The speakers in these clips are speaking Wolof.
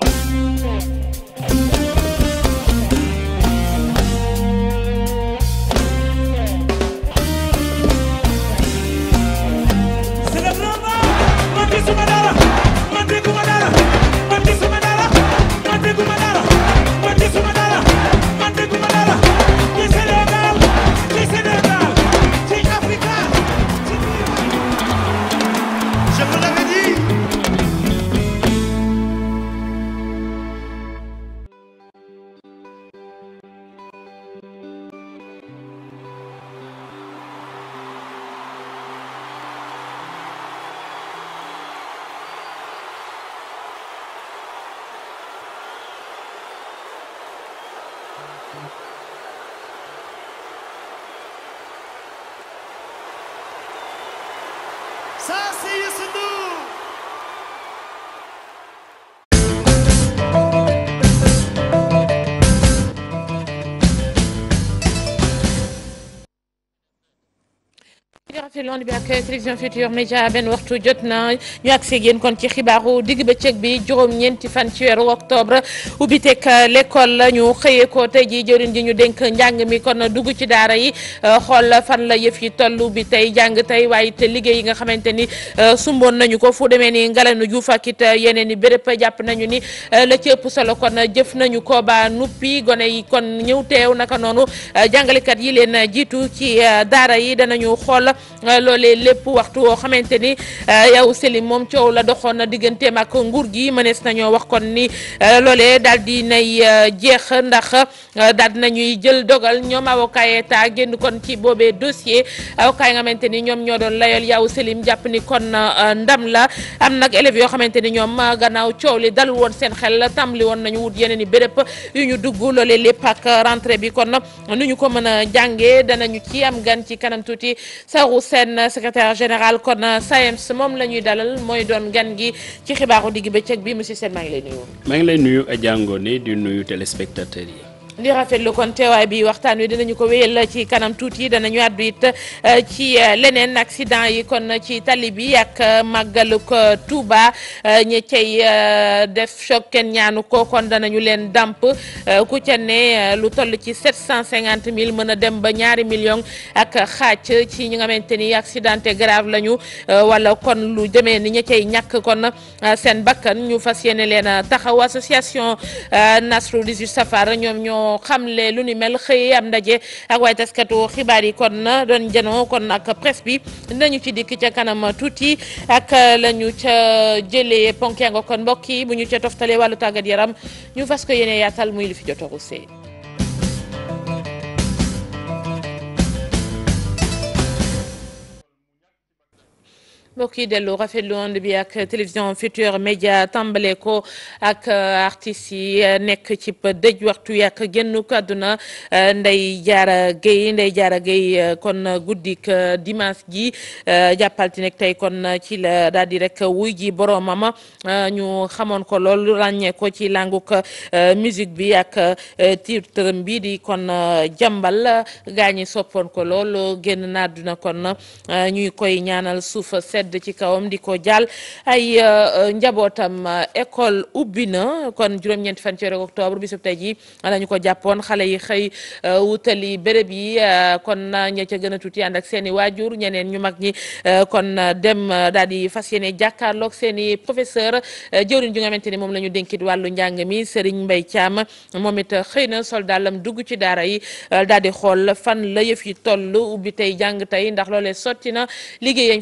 Thank you. parti loon bi ak télévision Futurs Médias benn waxtu jot na ñu ak see kon ci xibaaru digg ba bëccëg bi juróom-ñeenti fan ci weeru octobre ubbiteeg euh, l'école la ñu xëyee tey jii jëriñ ji ñu dénk njàng mi kon dugg ci daara yi euh, xool fan la yëf yi toll bi tey jàng tey waaye it liggéey yi nga xamante ni euh, sumboon nañu ko fu demee ni Ngalanu Juuf ak it yeneen i béréb jàpp nañu ni la ci solo kon jëf nañu ko ba nuppi gone yi kon ñëw teew naka noonu jàngalekat yi leen jiitu ci daara yi danañu xool. Euh, loolee lépp waxtu woo xamante ni euh, yow Selim moom coow la doxoon na digganteem ak nguur gi mënees nañoo wax kon ni euh, loolee daal di nay jeex ndax daal di nañuy jël dogal ñoom avocat état génn kon ci boobee dossier avocat yi nga xamante ni ñoom ñoo doon layool yow Selim jàpp ni kon ndam la am nag élèves yoo xamante ni ñoom gannaaw coow li dal woon seen xel tàmbali woon nañu wut yeneen yi béréb yu ñu dugg loolee lépp ak rentrée bi kon nu ñu ko mën a jàngee danañu ci gan ci kanam tuuti seen secrétaire général kon euh, SAEMS moom la ñuy dalal mooy doon gan gi ci xibaaru digg bëccëg bi monsieur Sène maa ngi lay nuyu. maa ngi lay nuyu Adja Ngoné di nuyu téléspectateurs yi. di rafetlu kon teewaay bi waxtaan wi dinañu ko wéyal ci kanam tuuti danañu àddu it euh, ci euh, leneen accident yi kon ci tali bi ak euh, màggaluk Touba ñi cay def choc kenn ñaanu ko kon danañu leen damp ku ca ne lu toll ci 750 000 mën a dem ba ñaari million ak xaaj ci ñi nga xamante ni accidenté grave lañu wala kon lu demee ni ña cay ñàkk kon seen bakkan ñu fas yéene leen taxaw association Nasru di Safar ñoom ñoo moo xamle lu ni mel xëy am ndaje ak waaye taskatu xibaar yi kon na doon janoo kon ak presse bi nañu ci dikk ca kanam tuuti ak lañu ca jëlee ponk yango kon mbokk yi bu ñu ca toftalee wàllu tàggat yaram ñu fas ko yéene yaatal muy li fi jot a mbokk yi dellu rafetlu woon bi ak télévision Futurs Médias tàmbale ko ak euh, artistes yi euh, nekk ci dëj waxtu yi ak génn nday euh, Ndeye Diarra Gueye Ndeye Diarra Gueye kon guddik dimanche gi jàppal ci nekk tey kon ci la daal di rek wuy ji boromam ñu xamoon ko lool ràññee ko ci languk musique bi ak titre bi di kon jàmbal gaa ñi soppoon ko lool génn na àdduna kon ñuy koy ñaanal suuf sedd sedd ci kawam di ko jàll ay euh, euh, njabootam euh, école ubbi na kon juróom-ñeenti fan ci weeru octobre bisub tey ji lañu ko jàppoon xale yi xëy wutali béréb yi kon ña ca gën a tuuti ànd ak seen i waajur ñeneen ñu mag ñi kon dem daal di fas yéene jàkkaarloog seen i professeur jëwriñ ju nga xamante ni moom lañu ñu wàllu njàng mi Serigne Mbaye Thiam moom it xëy na sol dàllam dugg ci daara yi daal xool fan la yëf yi toll ubbi tey jàng tey ndax loolee sotti na liggéey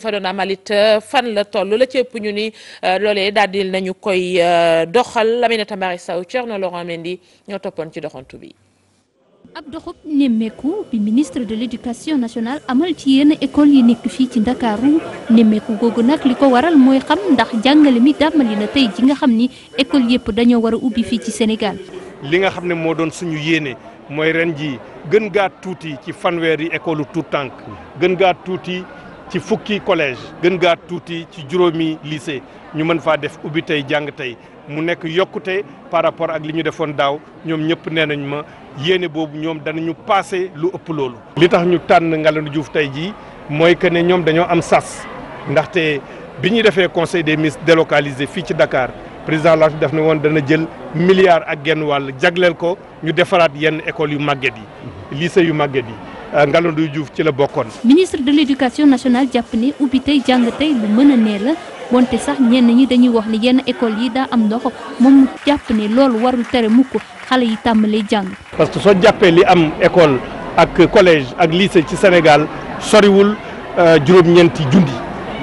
Euh, fan la toll la ci ëpp ñu ni euh, loolee daal di nañu koy euh, doxal Aminata Mari Sow Thierno Laurent Mendy ñoo toppoon ci doxantu bi. ak doxub nemmeeku bi ministre de l' éducation nationale amal ci yenn école yi nekk fii ci ndakaaru nemmeeku googu nag li ko waral mooy xam ndax jàngale mi dàmmali na tey ji nga xam ni école yëpp dañoo war a ubbi fii ci Sénégal. li nga xam ne moo doon suñu yéene mooy ren ji gën gaa tuuti ci fanweer yi école tout tànk gën gaa ci fukki collège gën gaa tuuti ci juróomi lycée ñu mën faa def ubbi tey jàng tey mu nekk yokkute par rapport ak li ñu defoon daaw ñoom ñëpp nee nañ ma yéene boobu ñoom danañu passé lu ëpp loolu. li tax ñu tànn Ngalandou Diouf tey jii mooy que ne ñoom dañoo am sas ndaxte bi ñu defee conseil des ministres délocalisé fii ci dakaar président Lat def na woon dana jël milliard ak genn wàll jagleel ko ñu defaraat yenn écoles yu màgget yi lycée yu màgget yi. Euh, Ngalandou Diouf ci la bokkoon. ministre de l' éducation nationale jàpp ne ubbi tey jàng tey lu mën a ne la wante sax ñenn ñi dañuy wax ne yenn école yi daa am ndox moom mu jàpp ne loolu warul tere mukk xale yi tàmbalee jàng. parce que soo jàppee li am école ak collège ak lycée ci Sénégal soriwul euh, juróom-ñeenti junni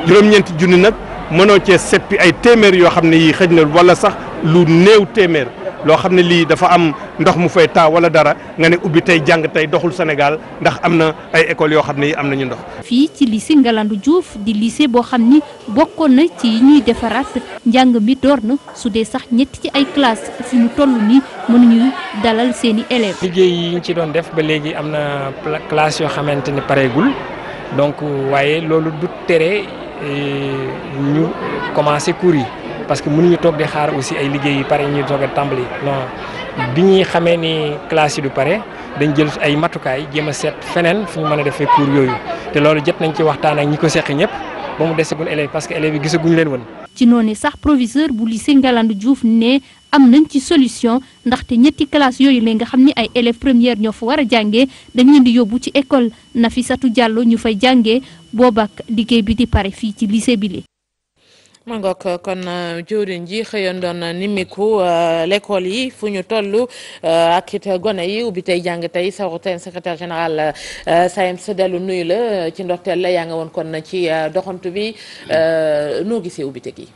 juróom-ñeenti junni nag mënoo cee seppi ay téeméer yoo xam ne yii xëj na wala sax lu néew téeméer. loo xam ne lii dafa am ndox mu fay taa wala dara nga ne ubbi tey jàng tey doxul Sénégal ndax am na ay écoles yoo xam ne yi am nañu ndox. fii ci lycée Ngalandou Diouf di lycée boo xam ni bokkoon na ci yi ñuy defaraat njàng mi door na su dee sax ñetti ci ay classe fi ñu toll nii mënuñu dalal seen i liggéey yi ñu ci doon def ba léegi am na classe yoo xamante ne pareegul donc waaye loolu du tere euh, ñu commencé cours yi. parce que mënuñu toog di xaar aussi ay liggéey yu pare ñuy toog a tàmbali non bi ñuy xamee ni classe yi du pare dañ jël ay matukaay jéem a seet feneen fu ñu mën a defee cours yooyu te loolu jot nañ ci waxtaan ak ñi ko seq ñëpp ba mu deseguñ élèves parce que élèves yi gisaguñ leen woon. ci noonu sax proviseur bu lycée Ngalandou Diouf ne am nañ ci solution ndaxte ñetti classe yooyu la nga xam ni ay élèves première ñoo fa war a jàngee dañ leen di yóbbu ci école Nafisatou Diallo ñu fay jàngee boobak liggéey bi di pare fii ci lycée bi li ma ngoog kon euh, jëwriñ ji xëyoon doon nimiku euh, lekool yi fu ñu toll euh, ak it gone yi ubbi tey jàng tey Saourou Sène secrétaire général SAEMS e dellu nuyu la ci ndorteel la yaa nga woon kon ci doxantu bi noo gisee ubbi teg yi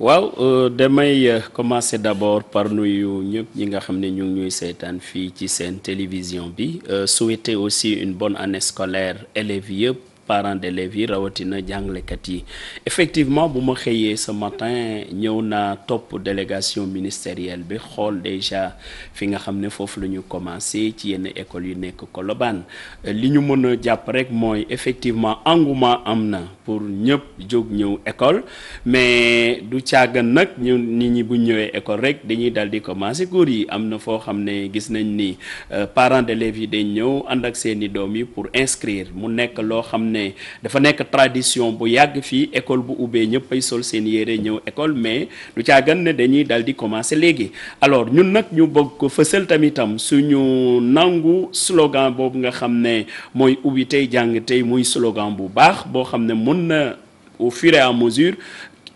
waaw euh, damay euh, commencer d'abord par nuyu ñëpp ñi nga xam ne ñu ngi ñuy seetaan fii ci seen télévision bi euh, souhaiter aussi une bonne année scolaire élèves yëpp parents d'élèves yi rawatina jàngalekat yi effectivement bu ma xëyee ce matin ñëw naa topp délégation ministérielle bi xool déjà fi nga xam ne foofu la ñu commencé ci yenn écoles yu nekk Colobane li ñu mën a jàpp rek mooy effectivement engouement am na pour ñëpp jóg ñëw école mais du càggan nag ñu nit ñi buñ ñëwee école rek dañuy dal di commencé cours yi am na foo xam ne gis nañ ni euh, parents d'élèves yi dañ ñëw ànd ak seeni doom yi pour inscrire mu nekk loo xam ne dafa nekk tradition bu yàgg fii école bu ubbee ñëppay sol seen yére ñëw école mais du caagan ne dañuy dal di commencer léegi alors ñun nag ñu bëgg ko fësal tamitam suñu nangu slogan boobu nga xam ne mooy ubbi tey jàng tey muy slogan bu baax boo xam ne mën na au fur à mesure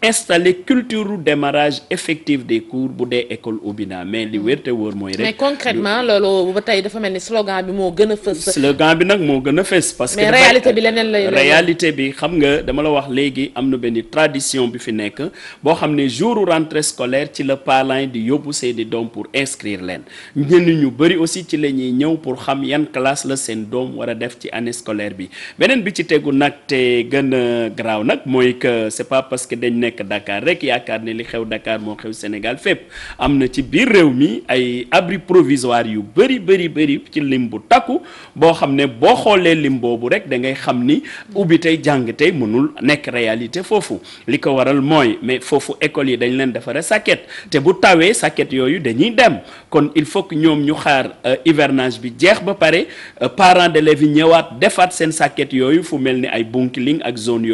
installer culture démarrage effective des cours bu dee école ubbi naa mais li wér te wóor mooy rek. mais concrètement loolu ba tey dafa mel ni slogan bi moo gën a fës. slogan bi nag moo gën a fës. parce que mais réalité bi leneen lay. xam nga dama la wax léegi am na benn tradition bi fi nekk boo xam ne jour rentrée scolaire ci la parents di yóbbu seeni doom pour inscrire leen ñenn ñu bëri aussi ci la ñuy ñëw pour xam yan classe la seen doom war a def ci année scolaire bi beneen bi ci tegu nag te gën a garaaw nag mooy que pas parce que dañ nekk nekk Dakar rek yaakaar ne li xew Dakar moo xew Sénégal fépp am na ci biir réew mi ay abri provisoire yu bëri bëri bëri ci lim bu takku boo xam ne boo xoolee lim boobu rek da ngay xam ni ubbi tey jàng tey mënul nekk réalité foofu li ko waral mooy mais foofu école yi dañ leen defaree sàkket te bu tawee sàkket yooyu dañuy dem kon il faut que ñoom ñu xaar euh, hivernage bi jeex ba pare euh, parents d'élèves yi ñëwaat defaat seen sàkket yooyu fu mel ni ay Bounkiling ak zone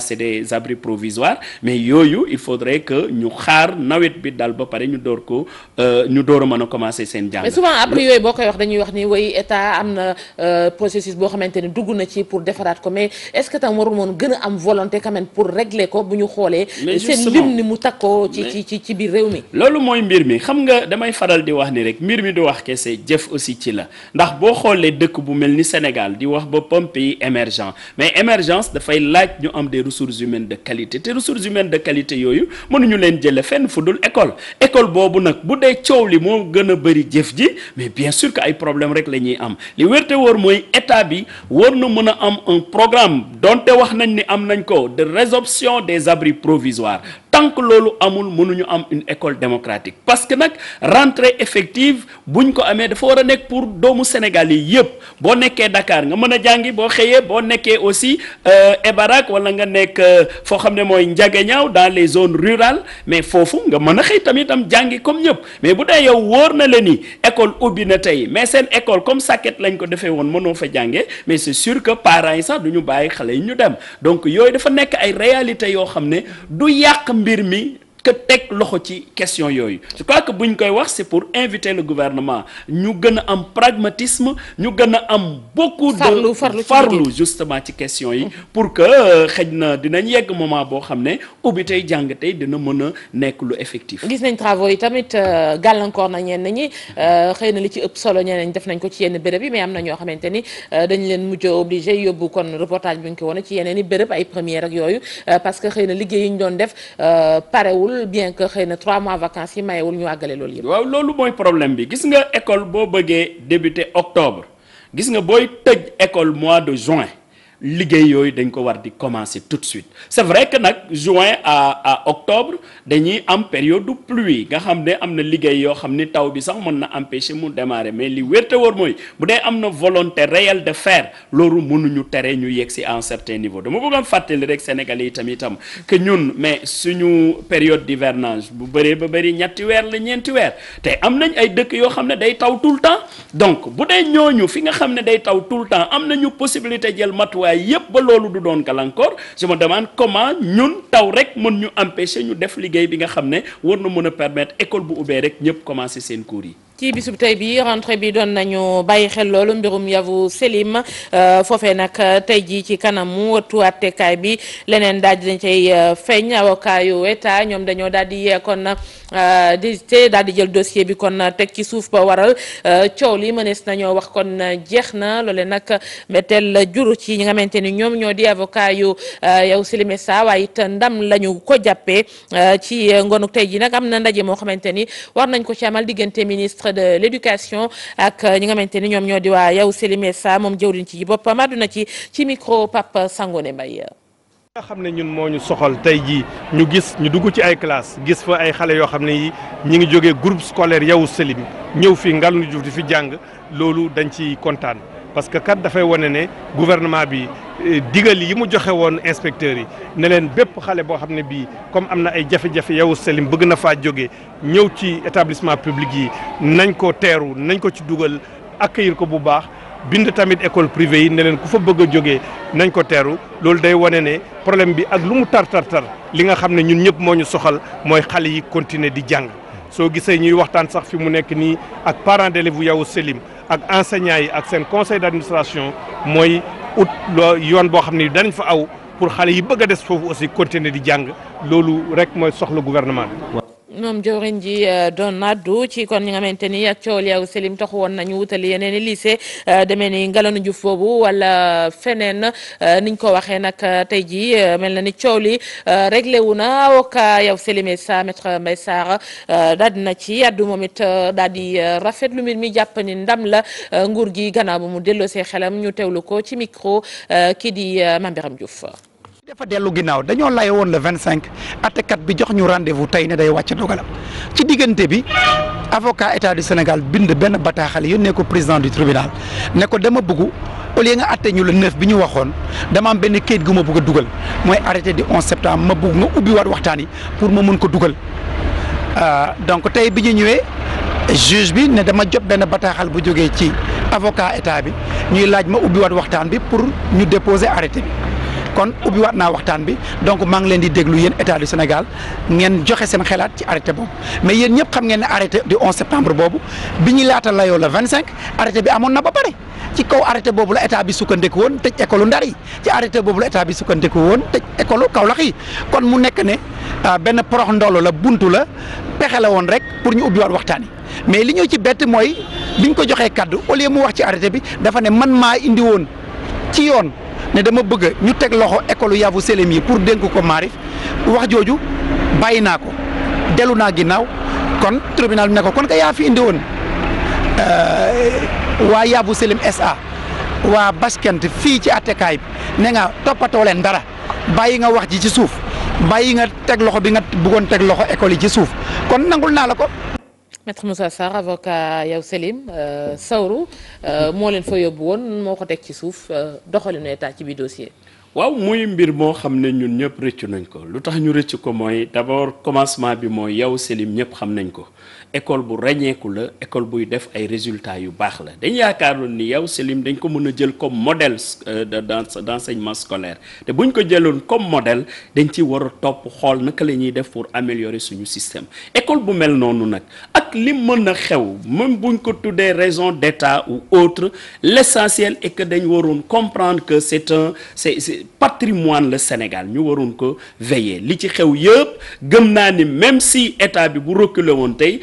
c'est des abris provisoires mais yooyu il faudrait que ñu xaar nawet bi dal ba pare ñu door ko euh, ñu door a mën a commencer seen jàng. mais souvent abri yooyu boo koy wax dañuy wax ni way état am na euh, processus boo xamante ne dugg na ci pour defaraat ko mais est-ce que tam warul woon gën a am volonté quand même pour régler ko bu ñu xoolee. seen lim ni mu takkoo ci ci ci biir réew mi. loolu mooy mbir mi xam nga damay faral di wax ni rek mbir mi du wax kese jëf aussi ci la ndax boo xoolee dëkk bu mel ni Sénégal di wax boppam pays ressources humaines de qualité te ressources humaines de qualité yooyu mënuñu leen jële fenn fu dul école école boobu nag bu dee coow li moo gën a bëri jëf ji mais bien sûr que ay problème rek la ñuy am li wérte wóor mooy état bi war na mën a am un programme donte wax nañ ni am nañ ko de résoption des abris provisoires tant que loolu amul munuñu am une école démocratique parce que nag rentrée effective buñ ko amee dafa war a nekk pour doomu Sénégal yi yëpp boo nekkee Dakar nga mën a jàngi boo xëyee boo nekkee aussi euh, Ebarak wala nga nekk euh, foo xam ne mooy Njagañaaw dans les zone rurales mais foofu nga mën a xëy tamit am jàngi comme ñëpp mais bu dee yow wóor na la ni école ubbi na tey mais seen école comme sàkket lañ ko defee woon mënoo fa jànge mais c'est sur que parents yi sax du bàyyi xale yi ñu dem donc yooyu dafa nekk ay réalités yoo xam ne mbir mi que teg loxo ci question yooyu je crois que bu ñu koy wax c'est pour inviter le gouvernement ñu gën a am pragmatisme ñu gën a am beaucoup de farlu justement ci question yi pour que euh, xëj na dinañ yegg moment boo xam ne ubbi tey jàng tey dina mën a nekk lu effectif gis nañ travaux yi tamit euh, gàllankoor na ñenn ñi euh, xëy na li ci ëpp solo ñeneen def nañ ko ci yenn béréb yi mais am na ñoo xamante ni dañ leen mujj obligé yóbbu kon reportage bi ñu ko wone ci yeneen i béréb ay première ak yooyu parce que xëy na liggéey yi ñu doon def parewul bien que xëy na 3 mois vacances yi mayewul ñu àggale loolu yëpp. waaw loolu mooy problème bi gis nga école boo bëggee débuter octobre gis nga booy tëj école mois de juin. liggéey yooyu dañ ko war di commencer tout de suite c'est vrai que nag juin à octobre dañuy am période de pluie nga xam ne am na liggéey yoo xam ni taw bi sax mën na empêcher mu démarrer mais li wérte wóor mooy bu dee am na volonté réelle de faire loolu mënuñu tere ñu yegg si à un certain niveau dama bëggoon fàttali rek Sénégalais yi tamitam que ñun mais suñu période d'hivernage bu bëree ba bëri ñetti weer la ñeenti weer te am nañ ay dëkk yoo xam ne day taw tout le temps donc bu dee ne day taw tout le temps am waaye yépp ba loolu du doon gàllankoor je demande comment ñun taw rek mën ñu empêcher ñu def liggéey bi nga xam ne war na mën a permettre école bu ubbee rek ñëpp commencer seen cours yi ci bisub tey bi rentrée bi doon nañu bàyyi xel loolu mbirum yavu selim euh, foofe nag tey jii ci kanamu ëttu attekaay bi leneen daal di dañ cay euh, feeñ avocat yu état ñoom dañoo daal di kon euh, désité daal di jël dossier bi kon teg ci suuf ba waral coow li mënees nañoo wax kon jeex na loole nag mbetteel jur ci ñi nga xamante ni ñoom ñoo di avocat yu yow selim sa waaye it ndam lañu ko jàppee ci ngonu tey ji nag am na ndaje moo xamante ni war nañ ko ci amal diggante ministre ministre de l'éducation ak euh, ñi nga xamante ni ñoom ñoo di waa yow Selimé saa moom jëwriñ ci boppam àdduna ci ci micro Pape Sangone Mbaye nga xam ne ñun moo ñu soxal tey jii ñu gis ñu dugg ci ay classe gis fa ay xale yoo xam ne yi ñu ngi jógee groupe scolaire yow Selim ñëw fi Ngalandou Diouf di fi jàng loolu dañ ci kontaan parce que kat dafay wane ne gouvernement bi eh, digal yi mu joxe woon inspecteurs yi ne leen bépp xale boo xam ne bii comme am na ay jafe-jafe yow Selim bëgg na faa jóge ñëw ci établissement public yi nañ ko teeru nañ ko ci dugal accueillir ko bu baax bind tamit école privée yi ne leen ku fa bëgg a jógee nañ ko teeru loolu day wane ne problème bi ak lu mu tar tar tar li nga xam ne ñun ñëpp moo ñu soxal mooy xale yi continuer di jàng soo gisee ñuy waxtaan sax fi mu nekk nii ak parents d'élèves yow Selim ak enseignants yi ak seen conseil d' administration mooy ut loo yoon boo xam ne danañ fa aw pour xale yi bëgg a des foofu aussi continuer di jàng loolu rek mooy soxla gouvernement bi. ñoom jëwriñ ji euh, doon naddu ci kon ñi nga xamante ni ak coow li ak selim taxu woon nañu wutali yeneen i lycée euh, demee ni Ngalanu juf boobu wala feneen euh, niñ ko waxee nag tey ji mel na ni coow li réglé wu na awoka yow selime sa maître Mbaye Sarr daal di ci addu moom it daal di rafetlu mbir mi jàpp ndam la nguur gi gannaaw ba mu delloo see xelam ñu teewlu ko ci micro kii di Mame Birame dafa dellu ginnaaw dañoo laye woon le vingt cinq àttekat bi jox ñu rendez-vous tey ne day wàcc dogalam ci diggante bi avocat état du Sénégal bind benn bataaxal yónnee ko président du tribunal ne ko dama bëgg au lieu nga àtte ñu le neuf bi ñu waxoon dama am benn kayit gu ma bugg a dugal mooy arrêté di 11 septembre ma bëgg nga ubbi waat waxtaan yi pour ma mën ko dugal euh, donc tey bi ñu ñëwee juge bi ne dama jot benn bataaxal bu jógee ci avocat état bi ñuy laaj ma ubbi waat waxtaan bi pour ñu déposer arrêté bi kon ubbiwaat naa waxtaan bi donc maa ngi leen di déglu yéen état du Sénégal ngeen joxe seen xelaat ci arrêté boobu mais yéen ñëpp xam ngeen ne arrêté du 11 septembre boobu bi ñu laata layoo la cinq arrêté bi amoon na ba pare ci kaw arrêté boobu la état bi sukkandiku woon tëj école ndar yi ci arrêté boobu la état bi sukkandiku woon tëj école Kaolack yi kon mu nekk ne ah, benn porox ndolo la bunt la pexe la woon rek pour ñu ubbiwaat waxtaan yi mais li ñëw ci bett mooy biñ ko joxee kaddu au lieu mu wax ci arrêté bi dafa ne man maa indi woon ci yoon. ne dama bëgg ñu teg loxo école Yavuz Selim yi pour dénk ko maari wax jooju bàyyi naa ko dellu naa ginnaaw kon tribunal bi ne ko kon ka yaa fi indi woon euh, waa Yavuz Selim SA waa Bashkent fii ci attekaay bi ne nga toppatoo leen dara bàyyi nga wax ji ci suuf bàyyi nga teg loxo bi nga bëggoon teg loxo école yi ci suuf kon nangul naa la ko. maître Moussa Sarr avocat yow Selim euh, Sawru euh, moo leen fa yóbbu woon moo ko teg ci suuf euh, doxalinu taa ci bi dossier. waaw muy mbir moo xam ne ñun ñëpp rëccu nañ ko lu tax ñu rëcc ko mooy d'abord commencement bi mooy yow Selim ñëpp xam nañ ko. école bu ràññeeku la école buy def ay résultats yu baax la dañ yaakaaroon ni yow Selim dañ ko mën a jël comme modèle euh, d' enseignement scolaire te buñ ko jëloon comme modèle dañ ci war a topp xool naka la ñuy def pour améliorer suñu système école bu mel noonu nag ak li mën a xew mën buñ ko tuddee raison d' état ou autre l' essentiel est que dañ waroon comprendre que c' est un c' est patrimoine le Sénégal ñu waroon ko veiller li ci xew yëpp gëm naa ni même si état bi bu reculé woon tey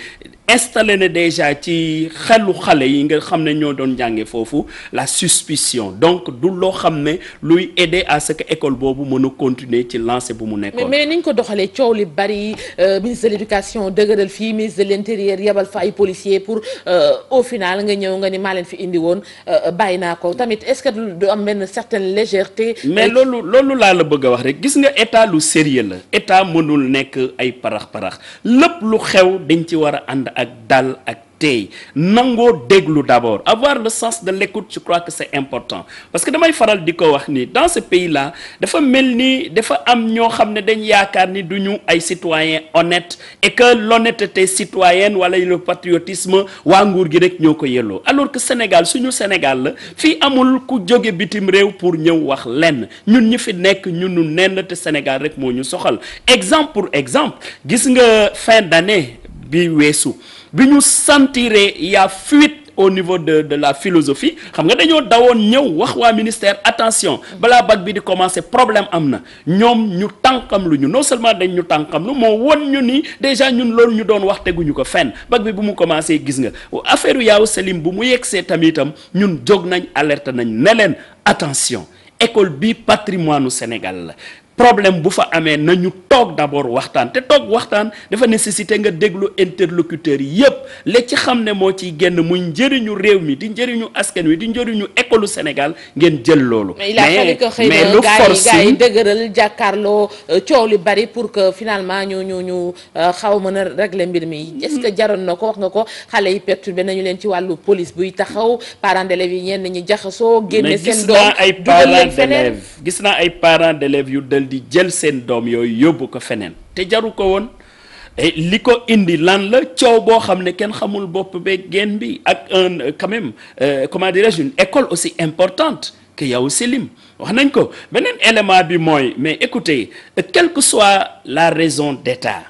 installé na déjà ci xelu xale yi nga xam ne ñoo doon jànge foofu la suspicion donc du loo xam ne luy aider à ce que école boobu mën continuer ci lancé bu mu nekkoon. mais niñ ko doxalee coow li bari euh, ministre de l'éducation dëgëral fii ministre de l'intérieur yebal fa ay policiers pour euh, au final nga ñëw nga ni maa leen fi indi woon euh, bàyyi naa ko tamit est-ce que du am benn certaine légèreté. mais loolu loolu laa la bëgg a wax rek gis nga état lu sérieux la état mënul nekk ay parax parax lu xew dañ ci war a ànd. ak dal ak tey nangoo déglu d'abord avoir le sens de l'écoute je crois que c'est important parce que damay faral di ko wax ni dans ce pays là dafa mel ni dafa am ñoo xam ne dañ yaakaar ni du ñu ay citoyens honnêtes et que l'honnêteté citoyenne wala le patriotisme waa nguur gi rek ñoo ko yelloo alors que Sénégal suñu Sénégal la fii amul ku jóge bitim réew pour ñëw wax lenn ñun ñi fi nekk ñun ñu nenn te Sénégal rek moo ñu soxal exemple pour exemple gis nga fin d'année bi weesu bi ñu sentiree yaa fuite au niveau de de la philosophie xam nga dañoo dawoon ñëw wax waa ministère attention balaa bac bi di commencer problème am na ñoom ñu tànkam lu ñu non seulement dañ ñu tànkam lu moo won ñu nii déjà ñun loolu ñu doon wax teguñu ko fenn bac bi bu mu commencer gis nga affaire Yao selim bu mu yegsee tamitam ñun jóg nañ alerte nañ neleen leen attention école bi patrimoine u Sénégal la problème bu fa amee nañu toog d'abord waxtaan te toog waxtaan dafa nécessité nga déglu interlocuteurs yi yépp la ci xam ne moo ciy génn mu njëriñu réew mi di njëriñu askan wi di njëriñu école Sénégal ngeen jël loolu. mais mais lu force yi dëgëral jàkkaarloo euh, coow li bari pour que finalement ñu ñu ñu euh, xaw mën a régler mbir mi. Mm-hmm. est-ce que jaroon na ko wax nga ko xale yi perturbé nañu leen ci wàllu police buy taxaw parents d'élèves yi ñenn ñi jaxasoo. génne seen doom gis ay parents d'élèves ay parents d'élèves yu di jël seen doom yooyu yóbbu ko feneen te jaru ko woon li ko indi lan la coow boo xam ne kenn xamul bopp be génn bi ak un euh, quand euh, comment dirais-je école aussi importante que yow Selim wax nañ ko beneen élément bi mooy mais écoutez euh, quelle que soit la raison d'état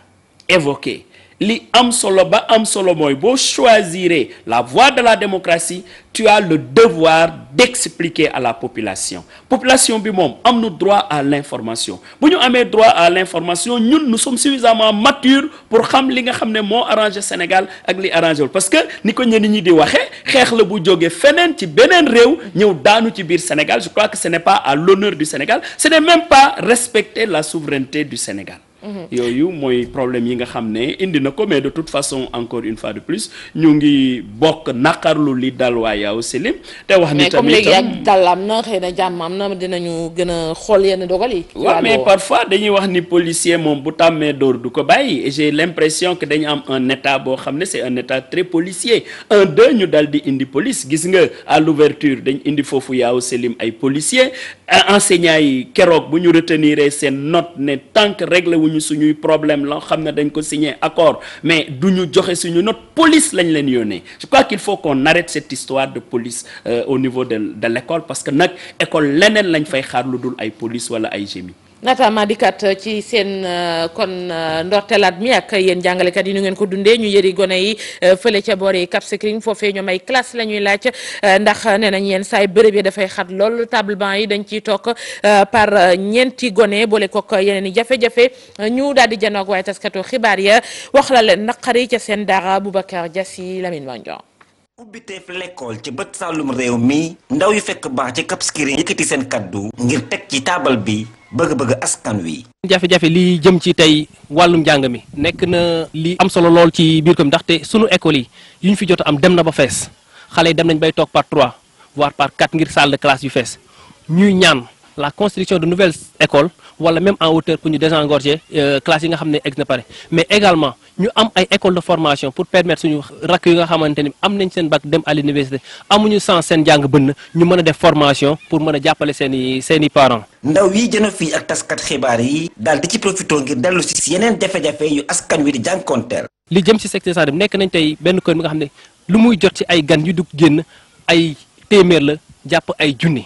évoquée li am solo ba am solo mooy boo choisiree la voie de la démocratie tu as le devoir d'expliquer à la population population bi moom am nu droit à l'information bu ñu amee droit à l'information ñun nous sommes suffisamment mature pour xam li nga xam ne moo arrangé Sénégal ak li arrangé parce que ni ko ñenn ñi di waxee xeex la bu jógee feneen ci beneen réew ñëw daanu ci biir Sénégal je crois que ce n'est pas à l'honneur du Sénégal ce n'est même pas respecter la souveraineté du Sénégal Mhm. yooyu mooy problème yi nga xam ne indi na ko mais de toute façon encore une fois de plus ñu ngi bokk naqarlu li dal waa Yao Selim te wax ni tamit mais comme léegi ak dal am na xëy na jàmm am na dinañu gën a xool yenn dogal yi. waaw parfois dañuy wax ni policier moom bu tàmmee dóor du ko bàyyi et j'ai l'impression que dañu am un état boo xam ne c'est un état très policier un deux ñu dal di indi police gis nga à l'ouverture dañ indi foofu Yao Selim ay policiers enseignants yi keroog nañu suñuy problème la xam ne dañ ko signé accord mais du ñu joxe suñu not police lañ leen yónnee je crois qu'il faut qu'on arrête cette histoire de police euh, au niveau de de l'école parce que nag école leneen lañ fay xaar lu dul ay police wala ay gémi nataama dikat euh, ci seen euh, kon euh, ndortelaat mi ak yéen jàngalekat yi ñu ngeen ko dundee ñu yëri gone yi fële ca boori Cap Skirring foofee ñoom ay classe la ñuy laaj ndax nee nañ yenn saay bërëb yi dafay xat lool table banc yi dañ ciy toog par ñeenti gone boole kook yeneen yi jafe-jafe ñu daal di janoog waaye taskatu xibaar ya wax la leen naqari ca seen daara Boubacar Diassi Lamine Mandion ubbiteef l'école ca bët sàllum réew mii ndaw yu fekk baax ci Cap Skirring yëkkati seen kàddu ngir teg ci taabal bi bëgg-bëgg askan wi. jafe-jafe li jëm ci tey wàllum njàng mi nekk na li am solo lool ci biir ko ndaxte sunu école yi yu ñu fi jot am dem na ba fees xale yi dem nañ bay toog par trois voire par quatre ngir salle de yu fees ñuy ñaan. la construction de nouvelles école wala même en hauteur pour des désengorger euh, classes yi nga xam ne ex na pare mais également ñu am ay école de formation pour permettre suñu rakk yi nga xamante ni am nañ seen bac dem à l'université amuñu sens seen jàng bënn ñu mën a def formation pour mën a jàppale seeni seeni seen i ndaw yi jëno fii ak taskat xibaar yi daal di ci profitoo ngir dellu si yeneen jafe-jafe yu askan wi di jànkonteel li jëm si secteur santé bi nekk nañ tey benn kër bi nga xam ne lu muy jot ci ay gan yu dugg génn ay téeméer la jàpp ay junni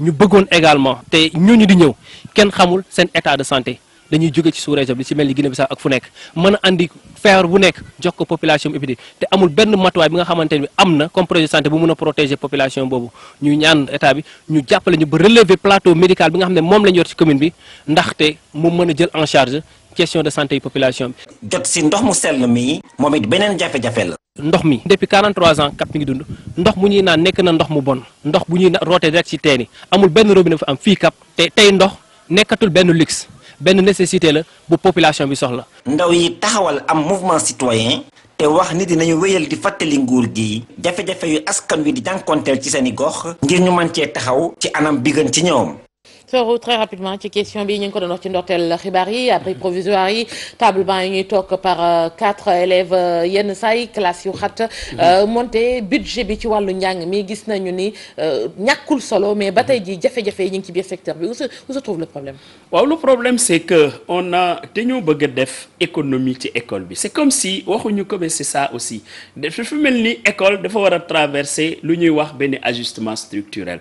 ñu bëggoon également te ñooñu di ñëw kenn xamul seen état de santé dañuy jóge ci sous-région bi ci mel ni Guinée Bissau ak fu nekk mën a indi feebar bu nekk jox ko population bi épidémie te amul benn matuwaay bi nga xamante ni am na comme projet santé bu mën a protéger population boobu ñu ñaan état bi ñu jàppale ñu ba relever plateau médical bi nga xam ne moom la ñu yor ci commune bi ndaxte mu mën a jël en charge question de santé population bi. jot si ndox mu sell mi. moom it beneen jafe-jafe la. ndox mi depuis 43 ans kat mi ngi dund ndox mu ñuy naan nekk na ndox mu bon ndox bu ñuy rootee rek ci teen yi amul benn robinet fa am fii kap te tey ndox nekkatul benn luxe benn nécessité la bu population bi soxla. ndaw yi taxawal am mouvement citoyen te wax ni dinañu wéyal di fàttali nguur gi jafe-jafe yu askan wi di jànkonteel ci seen i gox. ngir ñu mën cee taxaw ci anam bi gën ci ñoom. Ferrou très rapidement ci question bi ñu ngi ko doon wax ci ndorteel xibaar yi abri provisoire yi table banc yi ñuy toog par euh, quatre élèves euh, yenn say classe yu xat euh, monté budget bi ci wàllu njàng mi gis nañu ni ñàkkul solo mais ba tey ji jafe-jafe yi ñu ngi ci bier secteur bi où se où se trouve le problème waaw le problème c'est que on a dañoo bëgg a def économie ci école bi c'est comme si waxuñu comme mais c'est ça aussi dafa mel ni école dafa war a traverser lu ñuy wax benn ajustement structurel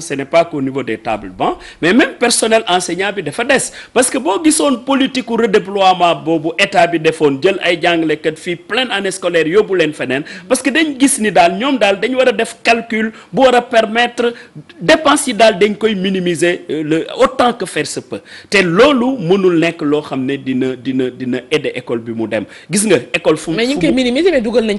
ce n'est pas qu'au niveau des tables bancs mais même personnel enseignant bi dafa des parce que boo gisoon politique u redéploiement boobu état bi defoon jël ay jàngalekat fii pleine année scolaire yóbbu leen feneen parce que dañ gis ni daal ñoom daal dañ war a def calcul bu war a permettre dépenses yi daal dañ koy minimiser euh, le autant que faire se peut te loolu mënul nekk loo xam ne dina dina dina aider école bi mu dem gis nga école fu mais ñu ngi koy minimiser dugal nañ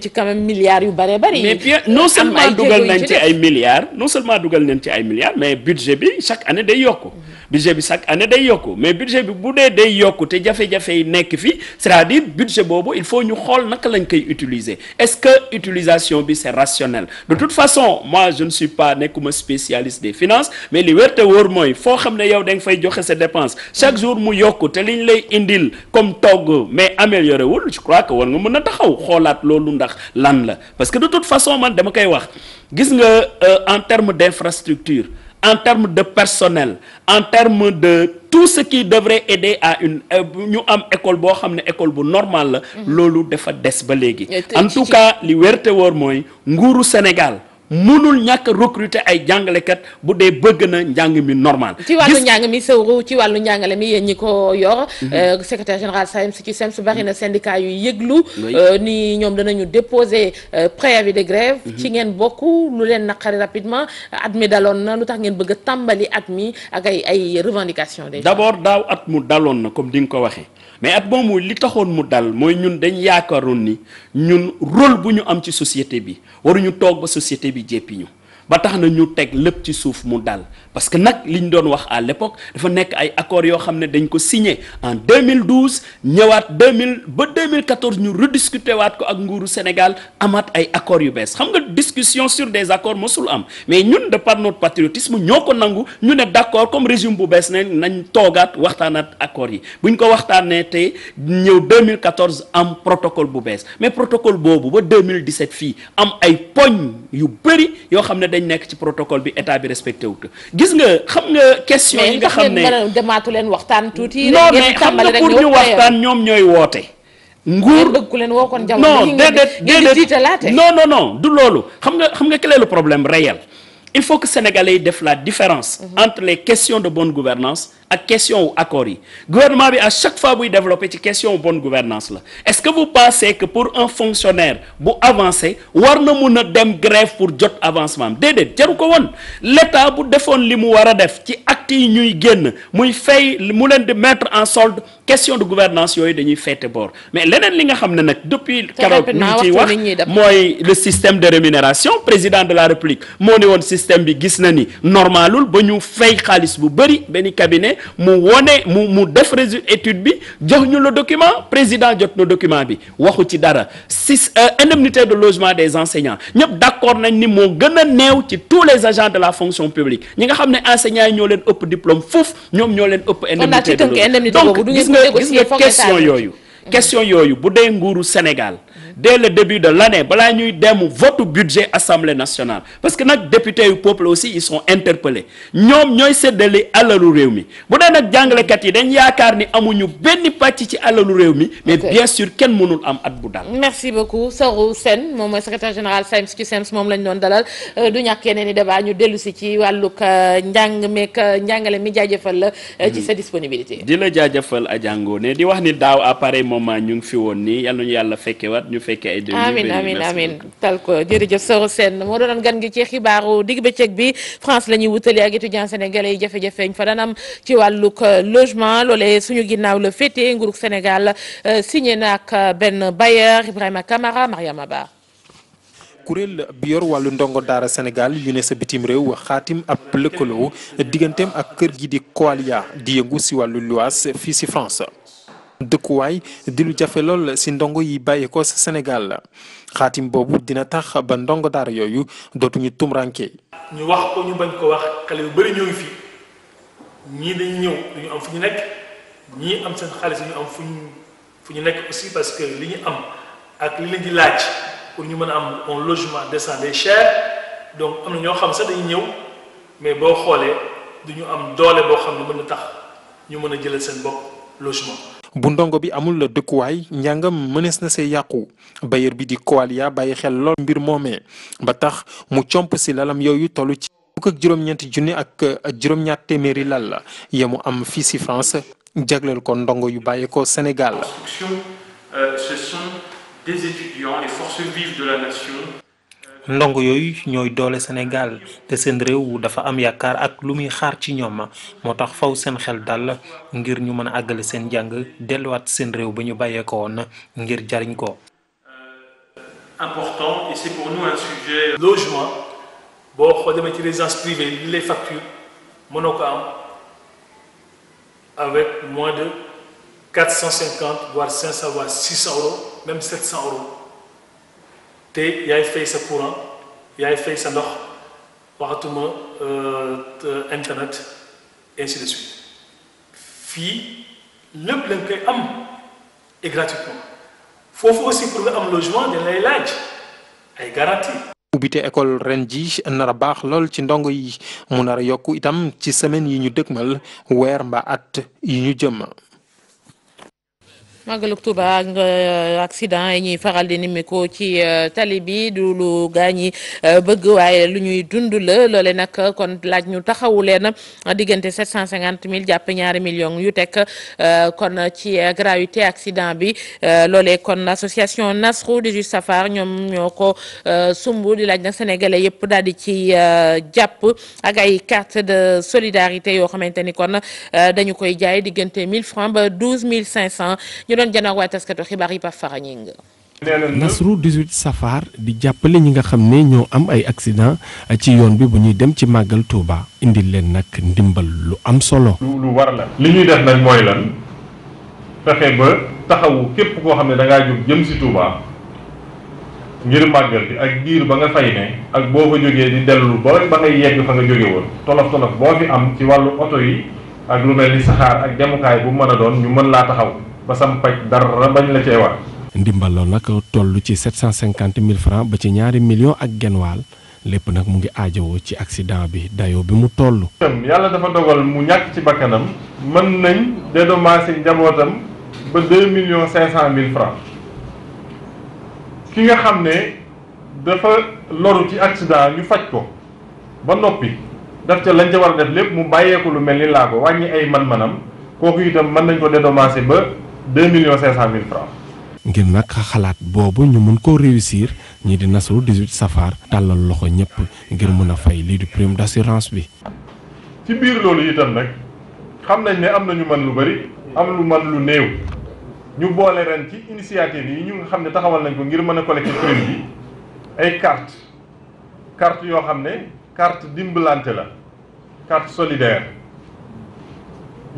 ay milliards mais budget bi chaque année day yokku budget bi chaque année day yokku mais budget bi bu dee day yokku te jafe-jafe nekk fi c'est-à-dire budget boobu il faut ñu xool naka lañ koy utiliser est-ce que utilisation bi c'est rationnel de toute façon moi je ne suis pas nekkuma spécialiste des finances mais li wér mooy foo xam ne yow da nga fay joxe sa dépense chaque jour mu yokku te liñ lay indil comme togg mais amélioré wul je crois que war nga mën a taxaw xoolaat loolu ndax lan la structure, en termes de personnel, en termes de tout ce qui devrait aider à une euh, ñu am école boo xam ne école bu normal la. Mm-hmm. loolu dafa des ba léegi. en tout cas li wérte woor mooy nguuru Sénégal. mënul ñàkk recruter ay jàngalekat bu dee bëgg na njàng mi normal. ci wàllu njàng mi sëwru ci wàllu njàngale mi yéen ñi ko yor. Mhm. Euh, secrétaire général SAEMS ci SAEMS bari na mhm. syndicat yu yëglu. Euh, ni ñoom danañu déposer euh, préavis de grève. Mhm. ci ngeen bokk lu leen naqari rapidement at mi daloon na lu tax ngeen bëgg a tàmbali at mi ak ay ay revendications. d' abord daaw at mu daloon na comme di nga ko waxee. mais at moomu li taxoon mu dal mooy ñun dañu yaakaaroon ni ñun rôle bu ñu am ci société bi waruñu togg ba société bi jéppi ba tax na ñu teg lépp ci suuf mu dal parce que nag li ñu doon wax à l'époque dafa nekk ay accords yoo xam ne dañ ko signé en 2012 ñëwaat 2000 ba 2014 ñu rediscuter waat ko ak nguuru Sénégal amaat ay accords yu bees xam nga discussion sur des accords mosul am mais ñun de par notre patriotisme ñoo ko nangu ñu ne d'accord comme régime bu bees ne nañ toogaat waxtaanaat accords yi bu ñu ko waxtaanee te ñëw 2014 am protocole bu bees mais protocole boobu ba 2017 fii am ay poñ yu bëri yoo xam ne. dañ nekk ci protocole bi état bi respecté wut gis nga xam nga question yi nga xam ne demaatu leen waxtaan tuuti non mais xam nga pour ñu waxtaan ñoom ñooy woote nguur bëgg ku leen woo kon jamono non déedéet déedéet non non non du loolu xam nga xam nga quel est problème réel il faut que sénégalais yi def la différence mhm. entre les questions de bonne gouvernance ak question wu accord yi gouvernement bi à chaque fois buy développé ci question bonne gouvernance la est-ce que vous pensez que pour un fonctionnaire bu avancé war na mun a dem grève pour jot avancement am déedéet jaru ko woon l'État bu defoon li mu war a def ci actes yi ñuy génn muy fay mu leen di mettre en solde question de gouvernance yooyu dañuy féete boor mais leneen li nga xam ne nag depuis keroog ñu ciy wax mooy le système de rémunération président de la République moo ne woon système bi gis na mu wone mu mu def résultat étude bi jox ñu la document président jot na document bi waxu ci dara six euh, indemnité de logement des enseignants ñëpp d'accord nañ ni moo gën a néew ci tous les agents de la fonction publique ñi nga xam ne enseignants yi ñoo leen ëpp diplôme foofu ñoom ñoo leen ëpp indemnité de logement donc gis nga gis nga question yooyu question yooyu bu dee nguuru Sénégal de le début de l'année balaa ñuy dem vote budget assemblée nationale parce que nag député yu peuple aussi ils sont interpellés ñoom ñooy séddale alalu réew mi bu dee nag jàngalekat yi dañ yaakaar ni amuñu benn pàcc ci alalu réew mi mais bien sûr kenn mënul am at bu daal merci beaucoup Saurou Sène moom mooy secrétaire général SAEMS CUSEMS moom lañ doon dalal euh, du ñàkk yeneen i débat ñu dellu si ci wàllug euh, njàng meek euh, njàngale mi jaajëfal la ci mm-hmm. sa disponibilité di la jaajëfal wax ni daaw à pareil moment ñu yàlla fekke fekkee ay déwén amiin amiin amiin tal ko jërëjëf Soro Sène moo doonoon gan gi ci xibaaru digg bëccëg bi France la ñuy wutali ak étudiants sénégalais yi jafe-jafe fa daan ci wàllug euh, logement loolee suñu ginnaaw la féete nguurug Sénégal euh, signé na ak euh, benn bailleur Ibrahima Camara Mariama Ba. kuréel bi yor wàllu ndongo daara Sénégal yu ne sa bitim réew xaatim ab lëkkaloo digganteem ak kër gi di Koalia di yëngu si wàllu luwaas fii si France. dëkkuwaay di lu jafe lool si ndongo yi bàyyeekoo sa Sénégal xaatim boobu dina tax ba ndongo daar yooyu dootuñu tumranke ñu wax ko ñu bañ ko wax xale yu bëri ñoo ngi ñii dañ ñëw duñu am fu ñu nekk ñii am seen xaalis ñu am fu ñu fu ñu nekk aussi parce que li ñu am ak li leen laaj pour ñu mën a am un logement décent des donc am na ñoo xam sax dañ ñëw mais boo xoolee du ñu am doole boo xam ne mën na tax ñu mën a jëlal seen bopp logement bu ndongo bi amul la dëkkuwaay njàngam mënees na see yàqu bailleur bi di yaa bàyyi xel lool mbir moomee ba tax mu comp si lalam yooyu tollu ci fukk ak juróom-ñeenti junni ak juróom-ñaar téeméeri lal la yemu am fii si France jagleel ko ndongo yu bàyyi ko Sénégal. ndongo yooyu ñooy doole Sénégal te seen réew wu dafa am yaakaar ak lu muy xaar ci ñoom moo tax faw seen xel dàll ngir ñu mën a àggale seen njàng delluwaat seen réew ba ñu bàyyee ko ngir jariñ ko. Euh, important boo xoo de ci résidence privée li lay facture mënoo ko am avec moins de quatre cent cinquante voire cinq te yaay fay sa courant yaay fay sa ndox waxatuma euh, internet ainsi fii lépp lañ koy am et foofu aussi pour nga am logement dañ lay laaj ay garantie ubbite école ren ji nar a baax lool ci ndongo yi mu nar a yokk itam ci semaine yi ñu dëgmal weer mbaa yi ñu jëmma màggalug Tuuba ak euh, accident yi ñuy faral di nimiko ci euh, tali bi du lu gaañ ñi euh, bëgg waaye lu ñuy dund la loole nag kon laaj ñu taxawu leen diggante 750 000 jàpp ñaari millions yu teg kon ci gravité accident bi loolee kon association Nasrou di Juste ñoom ñoo ko sumb di laaj nag sénégalais yëpp daal di ci jàpp ak ay carte de solidarité yoo xamante ni kon dañu koy jaay diggante 1000 francs ba 12 500 ki doon janoog waaye taskatu xibaar yi Pape Fara Ñing Nasru 18 Safar di jàppale ñi nga xam ne ñoo am ay accident ci yoon bi bu ñuy dem ci màggal Touba indi leen nag ndimbal lu am solo. lu war la. li ñuy def nag mooy lan fexe ba taxawu képp koo xam ne da ngaa jóg jëm si Touba ngir màggal bi ak diir ba nga fay ne ak boo fa jógee di dellu ba ba ngay yegg fa nga jóge woon tolof tolof boo fi am ci wàllu oto yi ak lu mel ni saxaar ak demukaay bu mën a doon ñu mën laa taxaw. ba sam paj dara bañ la cee war. ndimbal loolu nag toll ci sept cent cinquante mille francs ba ci ñaari millions ak genn wàll lépp nag mu ngi aajowoo ci accident bi dayoo bi mu toll. yàlla dafa dogal mu ñàkk ci bakkanam mën nañ dédommager njabootam ba deux millions cinq million mille francs ki nga xam ne dafa loru ci accident ñu faj ko ba noppi daf ca lañ ca war a def lépp mu bàyyeeku lu mel ni laa ko wàññi ay man-manam kooku itam mën nañ ko dédommager ba. deux millions cinq cent mille francs ngir nag xalaat boobu ñu mun koo réussir ñi di Nasru 18 Safar tàllal loxo ñëpp ngir mun a fay lii di prime d'assurance bi. ci biir loolu itam nag xam nañ ne am na ñu mën lu bari am lu mën lu néew ñu boole ren ci initiative yi ñu xam ne taxawal nañ ko ngir mën a collecter prime bi ay carte kart yoo xam ne carte dimbalante la carte solidaire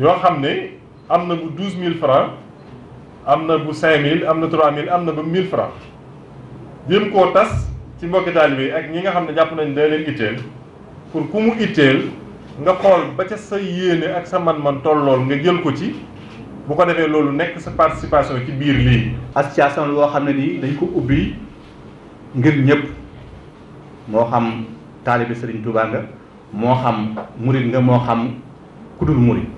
yoo xam ne am na bu douze mille francs am na bu cinq mille am na trois mille am na ba mille francs jéem koo tas ci mbokki taalibe ak ñi nga xam ne jàpp nañ day leen itteel pour ku mu itteel nga xool ba ca sa yéene ak sa man-man tollool nga jël ko ci bu ko defee loolu nekk sa participation ci biir lii association loo xam ne nii dañ ko ubbi ngir ñépp moo xam taalibe Sëriñ Tuubaa nga moo xam murit nga moo xam ku dul murit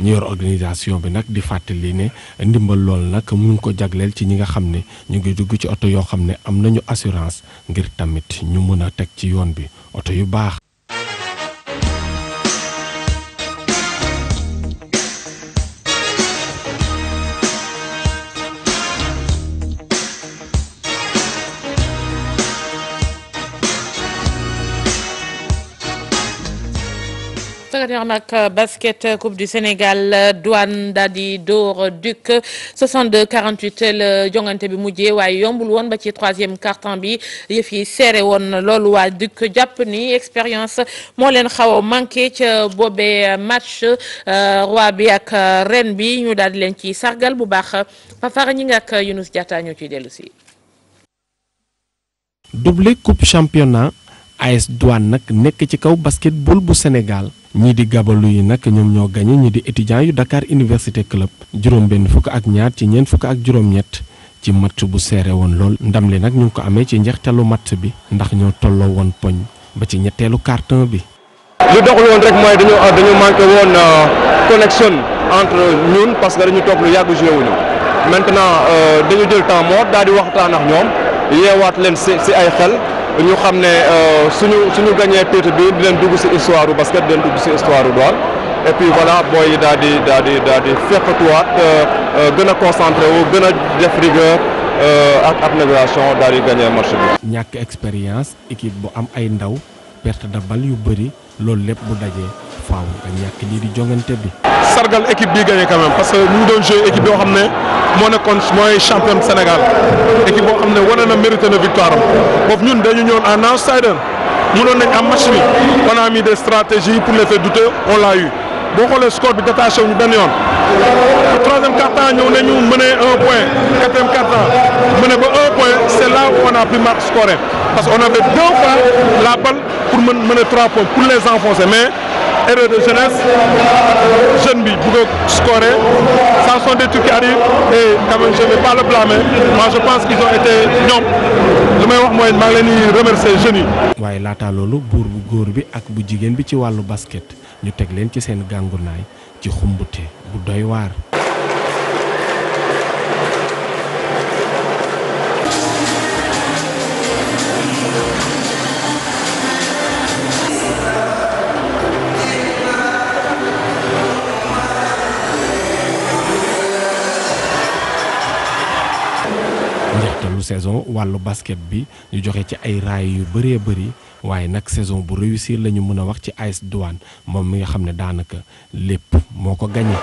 ñu yor organisation bi nag di fàttali ne ndimbal lool nag mun ko jagleel ci ñi nga xam ne ñu ngi dugg ci oto yoo xam ne am nañu assurance ngir tamit ñu mën a teg ci yoon bi oto yu baax. dernière nag basket coupe du Sénégal douane daal di dóor duc 62 48 la jongante bi mujje waaye yombul woon ba ci troisième carton bi yëf yi seere woon loolu waa duc jàpp ni expérience moo leen xaw a manqué ca boobee match euh, roi bi ak reine bi ñu daal di leen ci sargal bu baax Fafara ñi nga ak Younous Diatta ñoo ciy dellusi AS Douane nag nekk ci kaw basketball bu Sénégal ñii di gabalu yi nag ñoom ñoo gañe ñi di étudiants yu Dakar Université Club juróom-benn fukk ak ñaar ci ñeent fukk ak juróom-ñett ci bu seere woon lool ndam li nag ñu ngi ko amee ci njeextalu match bi ndax ñoo tolloo woon poñ ba ci ñetteelu carton bi. lu doxul woon rek mooy dañu dañu manqué woon euh, connexion entre ñun parce que dañu toog lu yàgg joué wuñu maintenant euh, dañu jël temps mort daal di waxtaan ak ñoom yeewaat leen si si ay xel. ñu xam ne euh, suñu suñu gagné titre bi leen dugg si histoire bu basket dinañ dugg si histoire bu Douanes et puis voilà booy yi daal di daal di daal di fekkatuwaat euh, euh, gën a concentré wu gën a def rigueur ak abnégation daal di gagné match bi. ñàkk expérience équipe bu am ay ndaw perte de balle yu bëri loolu lépp bu dajee. faaw nga ñàkk lii di jongante bi. sargal équipe bii gagné quand parce que ñu ngi doon joué équipe yoo xam ne moo nekkoon mooy champion Sénégal équipe boo xam ne wane na mérité na victoire am boobu ñun dañu ñëwoon en outsider mënoon nañ am match on a mis des stratégies pour les faire douter on l'a eu boo xoolee score bi détaché wu ñu benn yoon. troisième quart-temps ñëw nañu mënee un point quart-temps mënee ba un point c'est là où a pu marquer scorer parce qu'on avait deux fois erreur de jeunesse jeune bi bëgg a scorer ça sont des trucs qui arrivent et moi je pense qu'ils ont été ñoom li may wax mooy maa leen di remercier jeunes yi. waaye laataa loolu buur bu góor bi ak bu jigéen bi ci wàllu basket ñu teg leen ci seen gàngunaay ci xumbute bu doy waar. saison wàllu basket bi ñu joxe ci ay raay yu bëree bëri waaye nag saison bu réussir lañu ñu mën a wax ci AS Douane moom mi nga xam ne daanaka lépp moo ko gagné.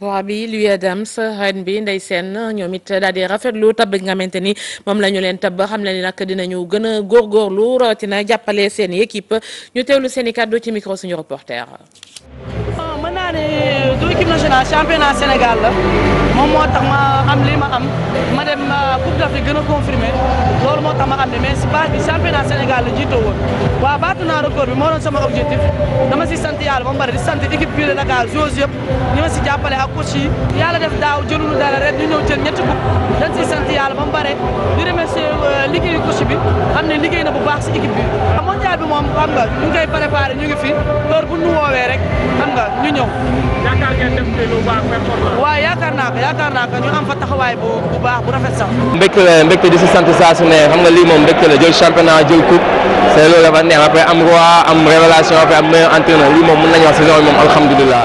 waa bi luy Adams ren bi ndey seen ñoom it daal rafet lu tabb nga xamante ni moom lañu ñu leen tabb xam leen ni nag dinañu gën a góorgóorlu rawatina jàppale seen i équipe ñu teewlu seen i kàddu ci micro suñu reporter. naa ne du équipe nationale championnat gën a confirmé loolu moo tax ma am ne mais si dama si sant yàlla ba mu bari di sant équipe bii de Dakar joueurs yëpp ma si jàppale ak coach yi yàlla def daaw jëlunu dara ren ñu ñëw jël ñetti coupe dañ si sant yàlla ba mu bare di remercier euh, liggéeyu coach bi xam ne liggéey na bu baax si équipe bi mondial bi moom xam nga ñu ngi koy préparé ñu ngi fi heure bu ñu woowee rek xam ñu ñëw yaakaar ngeen def yaakaar naa yaakaar naa ko am fa taxawaay bu baax bu rafet sax. mbégte la mbégte di si sant saa ne xam nga lii moom mbégte la jël championnat jël coupe c' est loolu neex après am roi am révélation après am meilleur entraîneur lii moom mën nañu wax saison bi moom alhamdulilah.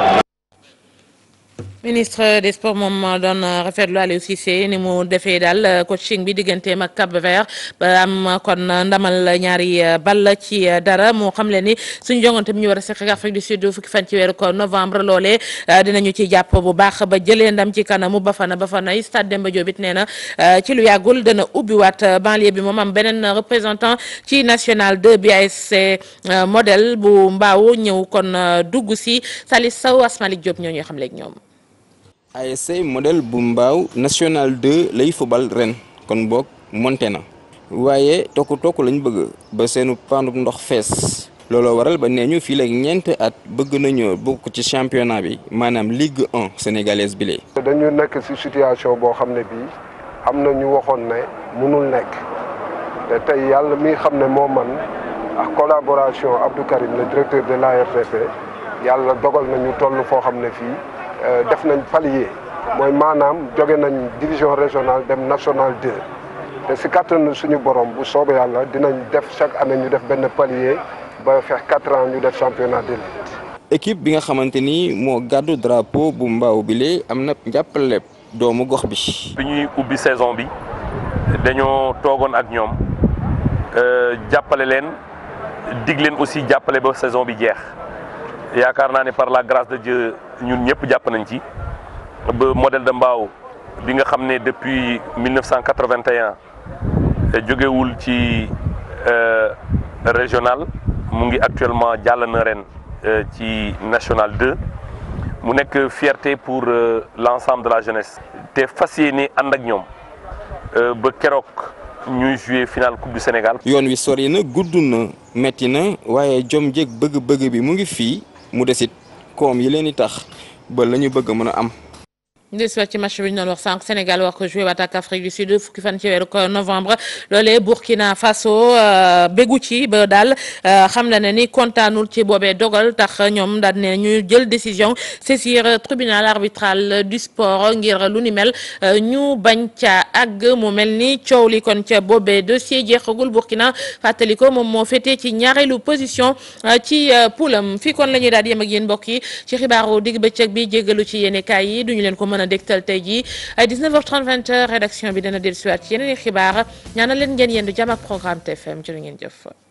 ministre des sports moom doon rafet euh, rafetlu Aliou Cissé ni mu defee daal euh, coaching bi digganteem ak Cap Vert ba am kon euh, ndamal ñaari ball ci dara moo xam le ni suñ jongante bi ñu war a seq ak Afrique du Sud fukki fan ci weeru ko novembre loolee dinañu ci jàpp bu baax ba jëlee ndam ci kanamu Bafana Bafana yi stade Demba Diop it nee na ci lu yàggul dana ubbiwaat banlieue bi moom am beneen représentant ci national 2 bi ASC modèle bu mbaaw ñëw kon dugg si Salis Sow Asmalik Diop ñoo ñuy xam léegi ñoom. ASC modèle bu mbaaw nationale 2 lay fubal ren kon boog monté na waaye tokku tokku lañ bëgg ba seenu pandub ndox fees looloo waral ba nee ñu fii la ñeent at bëgg nañu bokk ci championnat bi maanaam Ligue on sénégalaise bi lee dañu nekk ci situation boo xam ne bi am na ñu waxoon ne mënul nekk te tey yàlla mi xam ne moo man ak collaboration Abdou Karim le directeur de l'ARTP yàlla dogal na ñu toll foo xam ne fii Euh, def nañ palier mooy maanaam jóge nañ division régionale dem nationale 2 te si kàttan suñu borom bu soobee yàlla dinañ def chaque année ñu def benn palier ba fex quatre ans ñu def championnat d'élite équipe bi nga xamante ni moo gàddu drapo bu mbaaw bi lee am na njàppale doomu gox bi. bi ñuy ubbi saison bi dañoo toogoon ak ñoom euh, jàppale leen dig leen aussi jàppale ba saison bi jeex. yaakaar naa ne par la grâce de Dieu ñun ñëpp jàpp nañ ci ba modèle de Mbao bi nga xam ne depuis 1981 eh, jógewul ci euh, régional mu ngi actuellement jàll na ren euh, ci national 2 mu nekk fierté pour euh, l'ensemble de la jeunesse. te fas ni ànd ak ñoom ba keroog ñuy jouer final coupe du Sénégal. yoon wi sori na gudd na metti na waaye jom jéeg bëgg-bëgg bi mu ngi fii. mu desit koom yi leen di tax ba la ñu bëgg mën a am. ñu ci match bi ñu doon wax sànq Sénégal war ko joué waat ak Afrique du Sud fukki fan ci weeru novembre loolee Burkina Faso euh, bégu ci ba daal euh, xam na ne ni kontaanul ci boobee dogal tax ñoom daal ne ñu jël décision saisir tribunal arbitral du sport ngir lu ni euh, ñu bañ ca ak mu mel ni coow li kon ca boobee dossier jeexagul Burkina fàttali ko moom moo fetee ci ñaareelu position euh, ci euh, poulam fii kon la ñuy daal di yem ak yéen mbokk yi ci xibaaru digg bëccëg bi jéggalu ci yéene kaay yi duñu leen ko mën a dégtal tey jii ay 19h30 20 rédaction bi dana dellusiwaat ci yeneen i xibaar ñaanal leen ngeen yendu jàmm ak programme TFM la ngeen jëf.